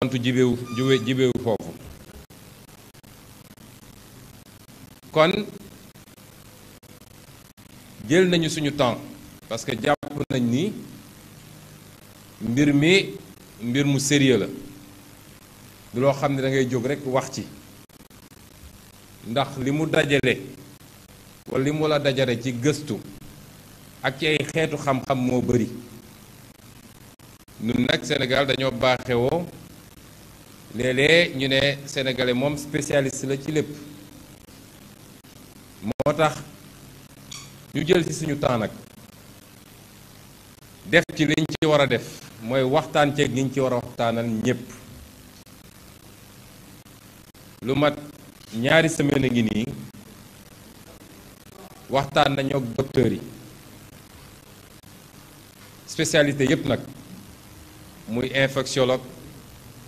antu jibeewu jibeewu foofu kon jël nañu suñu temps parce que jàpp nañ ni mbir mi mbir mu sérieux la du loo xam ne dangay jóg rekk wax ci ndax li mu dajale walla li mu la dajale ci gëstu ak ci ay xeetu xam-xam moo bari ñun nag Sénégal dañoo baaxewoo léeg-léeg ñu ne sénégalais moom spécialiste la ci lépp moo tax ñu jël ci suñu temps nag def ci liñ ci war a def mooy waxtaan ceeg ñi ci war a waxtaanal ñépp lu mat ñaari semaine a ngi nii waxtaan nañu ak docteurs yi spécialité yépp nag muy infectiologue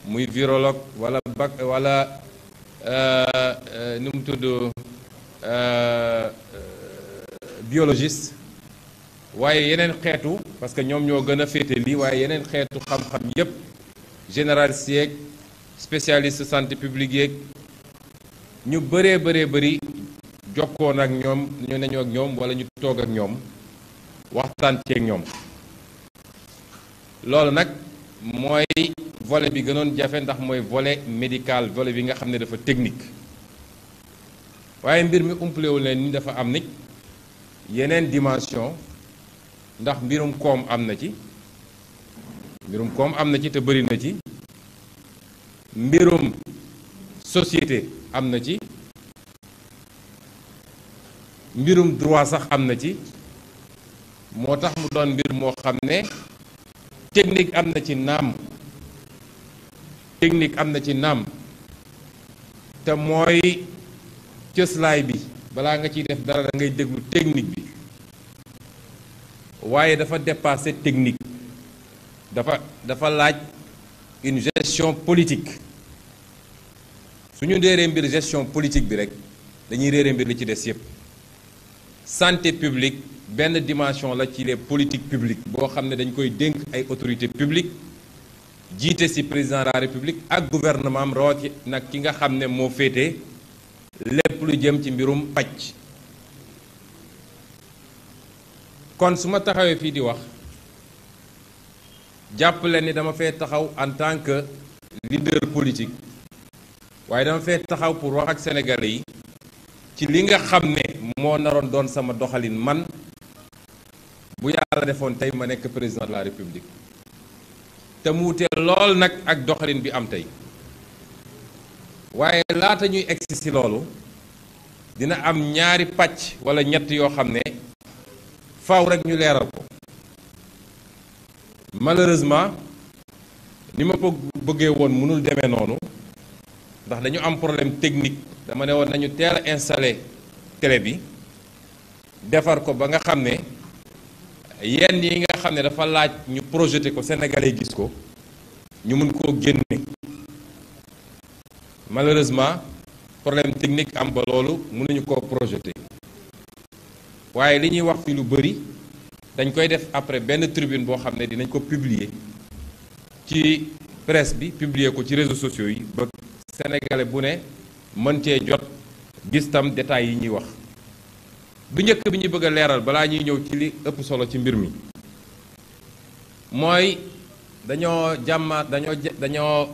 muy virologue wala bac wala euh, euh, nu mu tudd euh, biologiste waaye yeneen xeetu parce que ñoom ñoo gën a féete lii waaye yeneen xeetu xam-xam yépp généraliste yeeg spécialiste santé publique yeeg ñu bëree bëree bëri jokkoon ak ñoom ñu nañoo ak ñoom wala ñu toog ak ñoom waxtaan ceeg ñoom loolu nag mooy volet bi gënoon jafe ndax mooy volet médical volet bi nga xam ne dafa technique waaye mbir mi umpalewul leen ni dafa am nit yeneen dimension ndax mbirum koom am na ci mbirum koom am na ci te bëri na ci mbirum société am na ci mbirum droit sax am na ci moo tax mu doon mbir moo xam ne technique am na ci naam technique am na ci naam te mooy cëslaay bi balaa nga ciy def dara da ngay déglu technique bi waaye dafa dépasser technique dafa dafa laaj une gestion politique suñu ñu réeree mbir gestion politique bi rek dañuy réeree mbir li ci des yépp santé publique benn dimension la ci les politiques publique boo xam ne dañ koy dénk ay autorités publiques jiite si président la république ak gouvernement am rawati nag ki nga xam ne moo féete lépp lu jëm ci mbirum pàcc kon su ma taxawee fii di wax jàpp ni dama fee taxaw en tant que leader politique waaye dama fee taxaw pour wax ak sénégalais yi ci li nga xam ne moo naroon doon sama doxalin man bu yàlla defoon tey ma nekk président de la république te mu wutee lool nag ak doxalin bi am tey waaye laata ñuy egsi si loolu dina am ñaari pàcc wala ñett yoo xam ne faaw rek ñu leeral ko malheureusement ni ma ko bëggee woon mënul demee noonu ndax dañu am problème technique dama ne woon nañu teel a installé bi defar ko ba nga xam ne yenn yi nga xam ne dafa laaj ñu projeté ko sénégalais gis ko ñu mun koo génne malheureusement problème technique am ba loolu mënuñu koo projeté waaye li ñuy wax fi lu bëri dañ koy def après benn tribune boo xam ne dinañ ko publier ci presse bi publier ko ci réseaux sociaux yi ba sénégalais bu ne mën cee jot gis tam détails yi ñuy wax bu njëkk bi ñu bëgg a leeral balaa ñuy ñëw ci li ëpp solo ci mbir mi mooy dañoo jàmmaat dañoo dañoo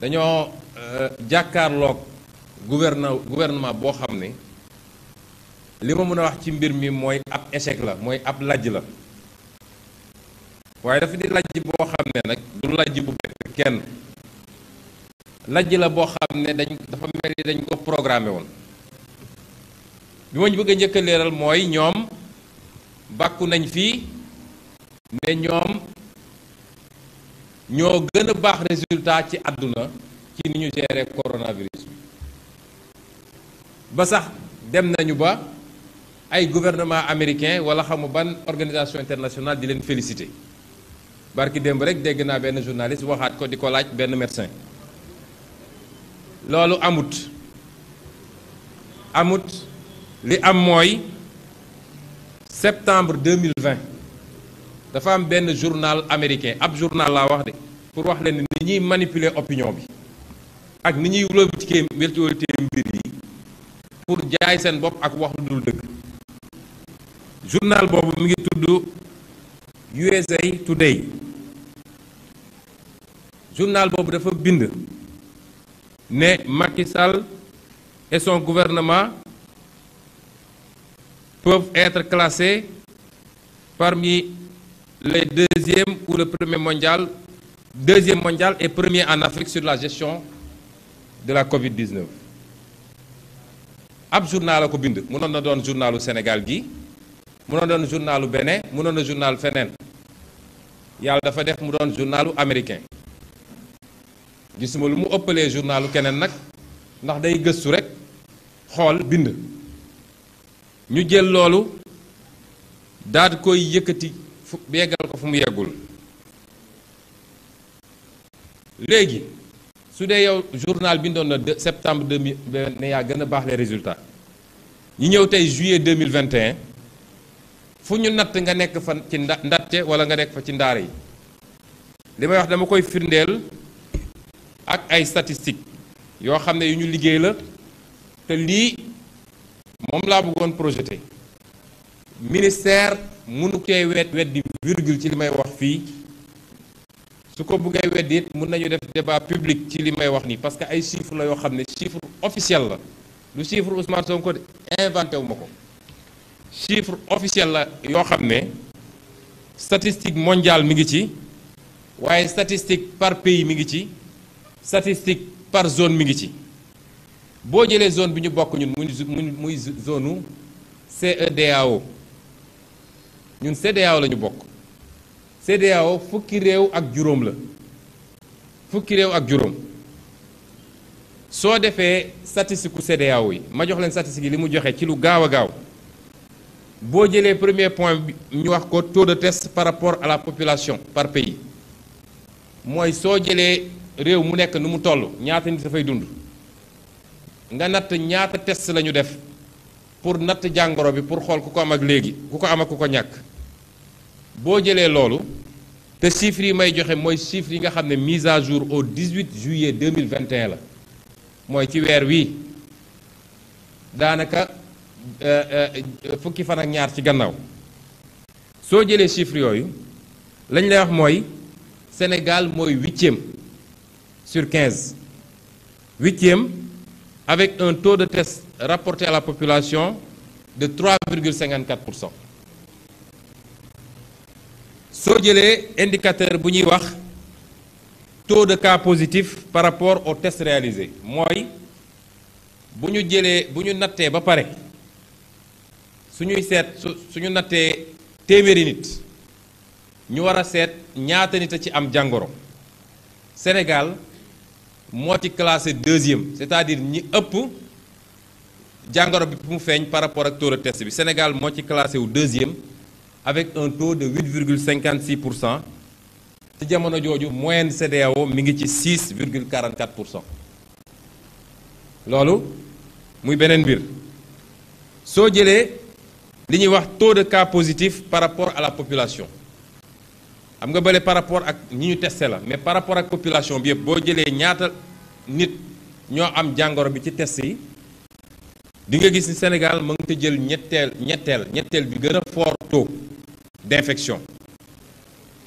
dañoo euh, jàkkaarlook gouvernement gouvernement boo xam ne li ma mën a wax ci mbir mi mooy ab échec la mooy ab lajj la waaye dafa di lajj boo xam ne nag du lajj bu bett kenn lajj la boo xam ne dañ dafa mel ni dañ ko programmé woon bi ma bëgg a njëkk a leeral mooy ñoom bàkku nañ fii mais ñoom ñoo gën a baax résultat ci àdduna ci ni ñu gérer coronavirus bi ba sax dem nañu ba ay gouvernement américain wala xamu ban organisation internationale di leen félicité barki démb rek dégg naa benn journaliste waxaat ko di ko laaj benn médecin loolu amut amut li am mooy septembre 2020 dafa am benn journal américain ab journal laa wax de pour wax leen ni ñuy manipuler opinion bi ak ni ñuy wëlbatikee wëlbatikee mbir yi pour jaay seen bopp ak wax lu dul dëgg journal boobu mi ngi tudd USA Today journal boobu dafa bind ne Macky Sall son gouvernement peuvent être classés parmi le deuxième ou le premier mondial, et premier en Afrique sur la gestion de la Covid-19. ab journal la ko bind mënoon na doon journalu Sénégal gi mënoon doon journalu Bénin mënoon na journal feneen yàlla dafa def mu doon journalu américain gisuma lu mu ëppalee journalu keneen nag ndax day gëstu rek xool bind ñu jël loolu daal koy yëkkati fu yeggal ko fu mu yeggul léegi su dee yow journal bindoon na septembre 2000 ne yaa gën a baax les résultats ñi ñëw tey juillet 2021 fu ñu natt nga nekk fa ci nda ndatte wala nga nekk fa ci ndaare yi li may wax dama koy firndeel ak ay statistiques yoo xam ne yu ñu liggéey la te lii moom laa bëggoon projeté ministère mënu koy wet weddi virgule ci li may wax fii su ko buggee weddi mun mën nañu def débat public ci li may wax nii parce que ay chiffres la yoo xam ne chiffre officiel la lu chiffre Ousmane Sonko de inventé wu ma ko chiffre officiel la yoo xam ne statistique mondial mi ngi ci waaye statistique par pays mi ngi ci statistique par zone mi ngi ci boo jëlee zone bi ñu bokk ñun mu muy zone u CEDEAO ñun CEDEAO la ñu bokk CEDEAO fukki réew ak juróom la fukki réew ak juróom soo defee statistiku CEDEAO yi ma jox leen statistique yi li mu joxee ci lu gaaw a gaaw boo jëlee premier point bi ñu wax ko taux de test par rapport à la population par pays mooy soo jëlee réew mu nekk ni mu toll ñaata nit dafay dund nga natt ñaata test lañu ñu def pour natt jàngoro bi pour xool ku ko am ak léegi ku ko am ak ku ko ñàkk boo jëlee loolu te chiffres yi may joxe mooy chiffres yi nga xam ne mise à jour au 18 juillet 2021 la mooy ci weer wi daanaka euh, euh, fukki fan ak ñaar ci gannaaw soo jëlee chiffres yooyu lañ lay wax mooy Sénégal mooy huitième sur quinze huitième avec un taux de test rapporté à la population de 3,54 pour cent soo jëlee indicateur bu ñuy wax taux de cas positif par rapport au test réalisé mooy bu ñu jëlee bu ñu nattee ba pare suñuy seet su suñu nattee téeméeri nit ñu war a seet ñaata nit a ci am jàngoro Sénégal moo ci classé deuxième c'est-à-dire ñi ëpp jàngoro bi mu feeñ par rapport ak taux de test bi Sénégal moo ci classé wu deuxième avec un taux de 8,56 pour cent ci jamono jooju moyen CEDEAO mi ngi ci 6,44 pour cent loolu muy beneen mbir soo jëlee li ñuy wax taux de cas positif par rapport à la population xam nga bële par rapport ak ñi ñu testé la mais par rapport ak population bi yëpp boo jëlee ñaata nit ñoo am jàngoro bi ci test yi di nga gis ni Sénégal mu ngi te jël ñetteel ñetteel ñetteel bi gën a fort d'infection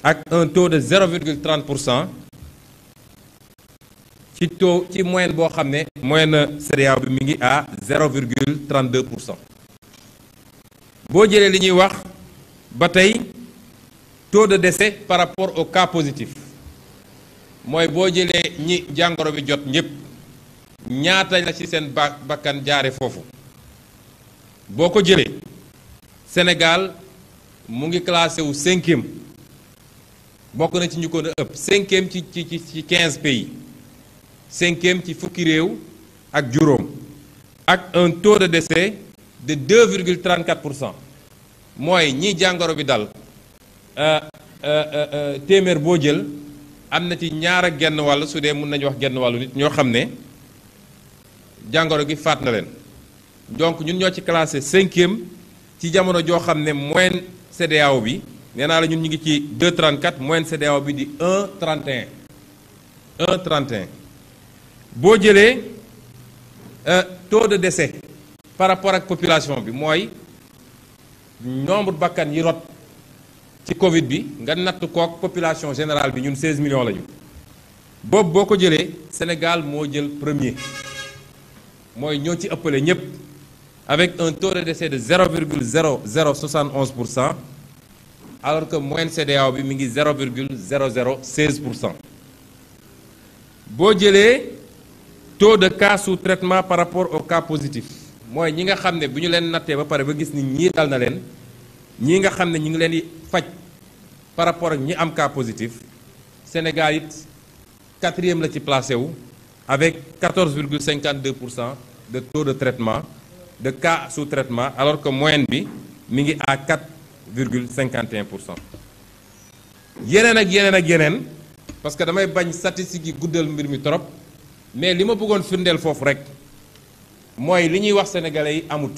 ak un taux de 0,30 pour cent ci taux ci moyenne boo xam ne moyenne céréale bi mi ngi à 0,32 pour cent boo jëlee li ñuy wax ba tey taux de décès par rapport au cas positif mooy boo jëlee ñi jàngoro bi jot ñépp ñaata la ci seen bakkan jaare foofu boo ko jëlee Sénégal mu ngi classé wu cinquième bokk na ci ñu ko ëpp cinquième ci ci ci quinze pays cinquième ci fukki réew ak juróom ak un taux de décès de 2,34 pour cent mooy ñi jàngoro bi dal euh, euh, euh, téeméer boo jël am na ci ñaar ak genn wàll su dee mun nañu wax genn wàllu nit ñoo xam ne jàngoro gi faat na leen donc ñun ñoo ci classé cinquième ci jamono joo xam ne moyenne CEDEAO bi nee naa la ñun ñu ngi ci 2,34 moyenne CEDEAO bi di 1,31 1,31 boo jëlee euh, taux de décès par rapport ak population bi mooy nombre bakkan yi rot ci Covid bi nga natt kook population général bi ñun 16 millions lañu boobu boo ko jëlee Sénégal moo jël premier mooy ñoo ci ëppale ñëpp. avec un taux de décès de 0,0071 pour cent alors que moyenne CEDEAO bi mi ngi 0,0016 pour cent boo jëlee taux de cas sous traitement par rapport au cas positif mooy ñi nga xam ne bu ñu leen nattee ba pare ba gis ni ñii dal na leen ñii nga xam ne ñu ngi leen di faj par rapport ak ñi am cas positif Sénégal it quatrième la ci placé wu avec 14,52 pour cent de taux de traitement de cas sous traitement alors que moyenne bi mi ngi à 4 virgule 51 pour cent yeneen ak yeneen ak yeneen parce que damay bañ statistiques yi guddal mbir mi trop mais li ma bëggoon firndeel foofu rek mooy li ñuy wax sénégalais yi amut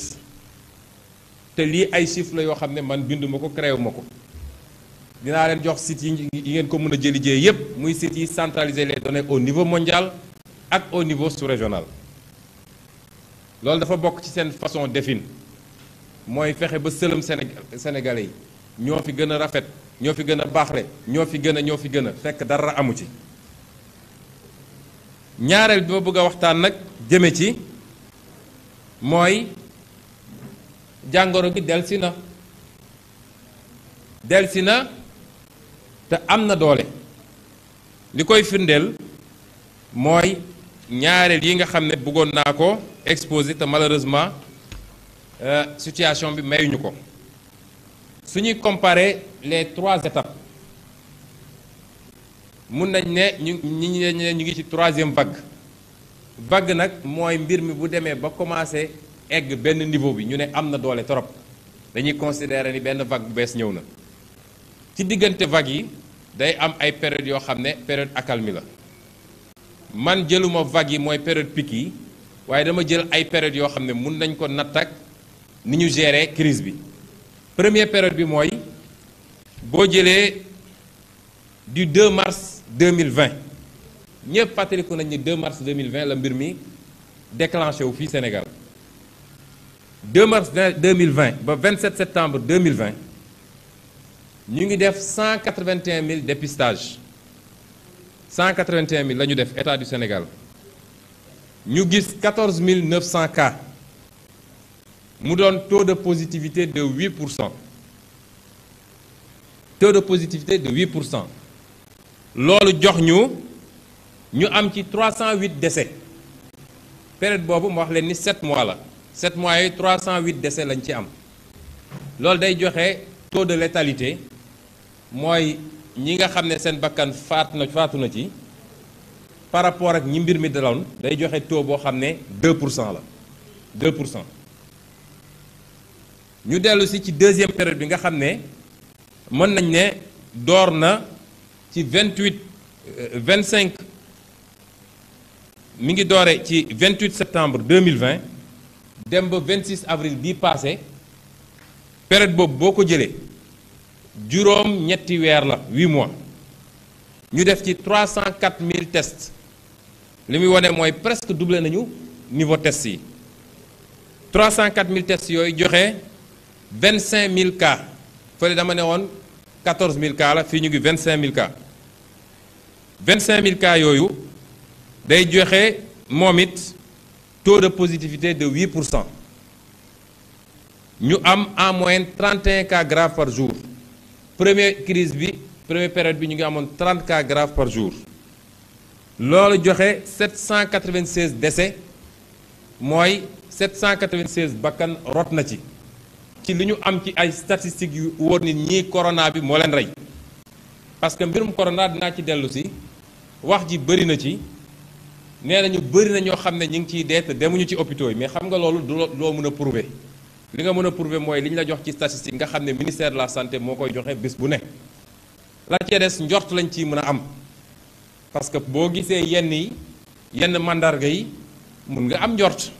te lii ay chiffres la yoo xam ne man binduma ko créé ma ko dinaa leen jox sites yi ngeen ko mën a jëlijee yépp muy sites yi centraliser les données au niveau mondial ak au niveau sous-régional loolu dafa bokk ci seen façon defin mooy fexe ba sëlëm sénégalais yi ñoo fi gën a rafet ñoo fi gën a baaxle ñoo fi gën a ñoo fi gën a fekk dara amu ci ñaareel bi ma bëgg waxtaan nag jëme ci mooy jàngoro gi delsi na delsi na te am na doole li koy firndeel mooy ñaareel yi nga xam ne bëggoon naa ko exposé te malheureusement euh, situation bi mayuñu ko suñuy comparer les trois étapes mun nañ ne ñu ñi ñu ngi ci troisième vague vague nag mooy mbir mi bu demee ba commencé egg benn niveau bi ñu ne am na doole trop dañuy considérer ni benn vague bu bees ñëw na ci diggante vague yi day am ay période yoo xam ne période accalmie la man jëluma vague yi mooy période pic yi waaye dama jël ay période yoo xam ne mun nañ ko natt ak ni ñu gérer crise bi premier période bi mooy boo jëlee du 2 mars 2020 ñëpp fàttaliku nañ ni 2 mars 2020 la mbir mi déclenché wu fii Sénégal 2 mars 2020 ba 27 septembre 2020 ñu ngi def 181 000 dépistages 181 000 la ñu def état du Sénégal ñu gis 14 900 cas mu doon taux de positivité de 8 pour cent taux de positivité de 8 pour cent loolu jox ñu ñu am ci 308 décès période boobu mu wax leen ni 7 mois la 7 mois yooyu 308 décès lañ ci am loolu day joxe taux de létalité mooy. ñi nga xam ne seen bakkan faatu na faatu na ci par rapport ak ñi mbir mi daloon day joxe taux boo xam ne 2 pour cent la pour cent ñu dellu si ci deuxième période bi nga xam ne mën nañ ne door na ci 28 25 euh, mi ngi doore ci 28 septembre 2020 dem ba 26 avril bi passé période boobu boo ko jëlee. juróom ñetti weer la huit mois ñu def ci trois cent quatre mille tests li muy wane mooy presque duble nañu niveau tests yi trois cent quatre mille tests yooyu joxe vingt cinq mille cas fële dama ne woon quatorze mille cas la fii ñu ngi vingt cinq mille vingt cinq mille cas yooyu day joxe moom it taux de positivité de huit pour cent ñu am en moyenne trente et par jour. première crise bi première période bi ñu ngi amoon 30 cas graves par jour loolu joxe 796 décès mooy 796 bakkan rot na ci ci li ñu am ci ay statistiques yu wóor nit ñii corona bi moo leen rey parce que mbirum corona dinaa ci dellu si wax ji bëri na ci nee nañu bëri na ñoo xam ne ñu ngi ciy dee te demuñu ci hôpitaux mais xam nga loolu du loo mën a prouver li nga mën a prouver mooy li ñu la jox ci statistique nga xam ne ministère de la santé moo koy joxe bés bu ne la cee des njort lañ ci mën a am parce que boo gisee yenn yi yenn mandarga yi mun nga am njort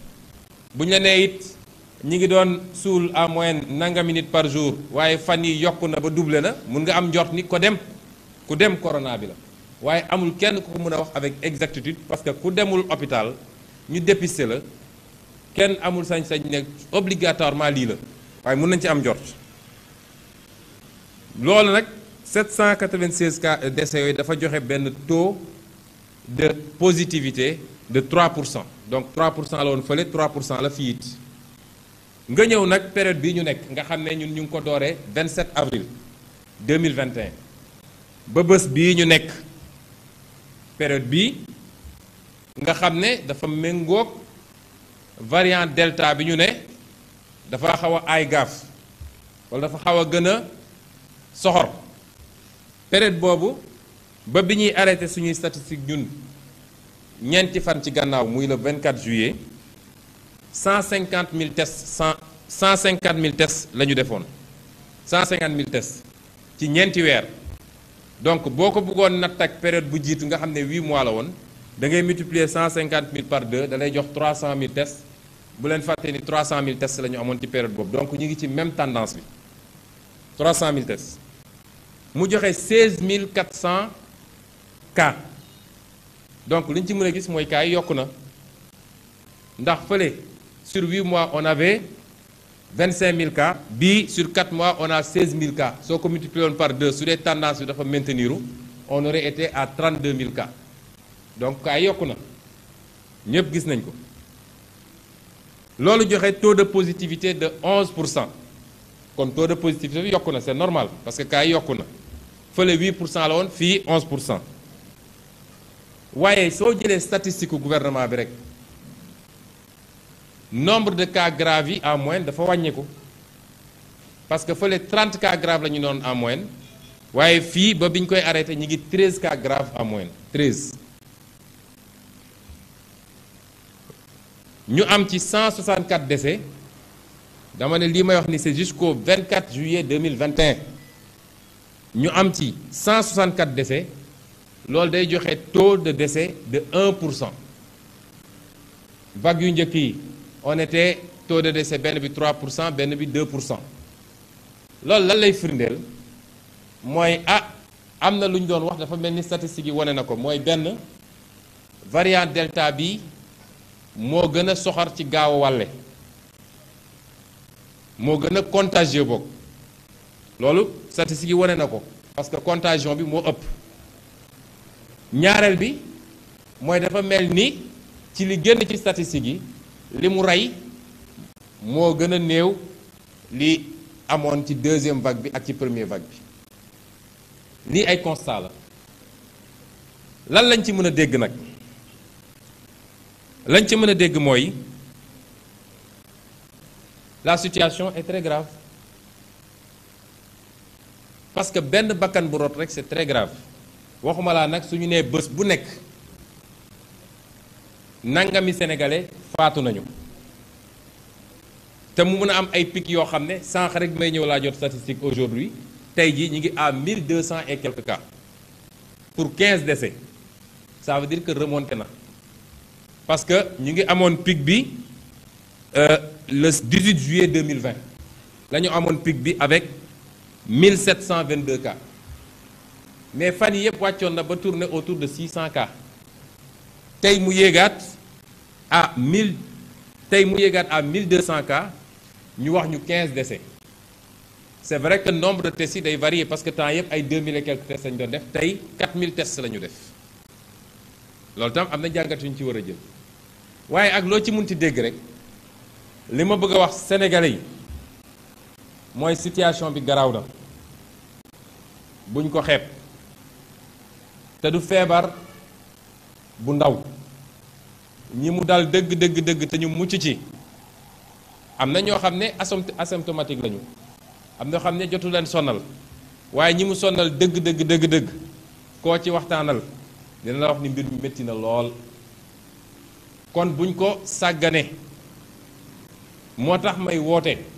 bu ñu la nee it ñi ngi doon suul à moyenne nanga minute par jour waaye fan yi yokk na ba duble na mun nga am njort ni ko dem ku dem corona bi la waaye amul kenn ku ko mën a wax avec exactitude parce que ku demul hôpital ñu dépister la kenn amul sañ-sañ ne obligatoirement lii la waaye mun nañ ci am njort loolu nag 796 cas décès yooyu dafa joxe benn taux de positivité de trois pour cent donc 3 pour cent la woon fële 3 pour cent la fii nga ñëw nag période bii ñu nekk nga xam ne ñun ñu ngi ko dooree 27 avril 2021 ba bés bii ñu nekk période bii nga xam ne dafa méngoog. variant delta bi ñu ne dafa xaw a aay gaaf wala dafa xaw a gën a soxor période boobu ba bi ñuy arrêté suñuy statistique ñun ñeenti fan ci gànnaaw muy le 24 juillet 150 000 tests 100 150 000 tests la ñu defoon 150 000 tests ci ñeenti weer donc boo ko bëggoon natt ak période bu jiitu nga xam ne 8 mois la woon da ngay multiplier 150 000 par 2 da lay jox 300 000 bu leen fàttee ni 300000 tests la ñu amoon ci période boobu donc ñu ngi ci même tendance bi 300000 mu joxe 16400 cas donc li ñu ci mën a gis mooy cas yi yokku na ndax fële sur 8 mois on avait 25000 cas bii sur 4 mois on a 16000 cas soo ko multiplié woon par 2 su dee tendance bi dafa maintenir on aurait été à 32000 cas donc cas yi yokku na ñëpp gis nañ ko. loolu joxe taux de positivité de 11 pour cent kon taux de positivité bi na c'est normal parce que cas yokku na fële 8 pour cent la woon fii 11 pour cent waaye soo jëlee statistique gouvernement bi rek nombre de cas graves yi en moyenne dafa wàññeeku parce que fële 30 cas graves la ñu doon en moyenne waaye fii ba bi ñu koy arrêté ñu ngi 13 cas graves en moyenne ñu am ci 164 décès dama ne lii may wax ni c'est jusqu'au 24 juillet 2021 ñu am ci 164 décès loolu day joxe taux de décès de 1 pour cent vague yu njëkk yi on était taux de benn bi trois pour cent benn bi 2 pour cent loolu lan lay firndeel mooy ah am na lu ñu doon wax dafa mel ni statistiques yi wane na ko mooy benn variant delta bi. moo gën a soxar ci gaaw a wàlle moo gën a contagieux boog loolu statistiques yi wane na ko parce que contagion bi moo ëpp ñaareel bi mooy dafa mel ni ci li génn ci statistiques yi li mu rey moo gën a néew li amoon ci deuxième vague bi ak ci premier vague bi lii ay constat la lan lañ ci mën a dégg nag lañ ci mën a dégg mooy la situation est très grave parce que benn bakkan bu rot rek c'est très grave waxuma laa nag suñu nee bës bu nekk nangami sénégalais faatu nañu te mu mën a am ay pic yoo xam ne sànq rek may ñëw laa jot statistique aujourd'hui tey jii ñu ngi à 1200 et quelques cas pour 15 décès ça veut dire que remonté na. parce que ñu ngi amoon pic bi euh, le 18 juillet 2020 la ñu amoon pic bi avec 1722 cas mais fan yi yëpp wàccoon na ba tourner autour de 600 cas tey mu yéegaat à 1000 tey mu yéegaat à 1200 cas ñu wax ñu 15 décès c'est vrai que nombre de tests yi day varier parce que temps yëpp ay 2000 et quelques tests la doon def tey 4000 tests la ñu def loolu tam am na jàngat yu ñu ci war a jël. waaye ak loo ci munti dégg rek li ma bëgg wax sénégalais yi mooy situation bi garaaw na buñ ko xeeb te du feebar bu ndaw ñi mu dal dëgg dëgg dëgg te ñu mucc ci am na ñoo xam ne asymptomatique lañu am na xam ne jotu leen sonal waaye ñi mu sonal dëgg dëgg dëgg dëgg koo ci waxtaanal dina la wax ni mbir mi métti na lool. kon buñ ko sàggane moo tax may woote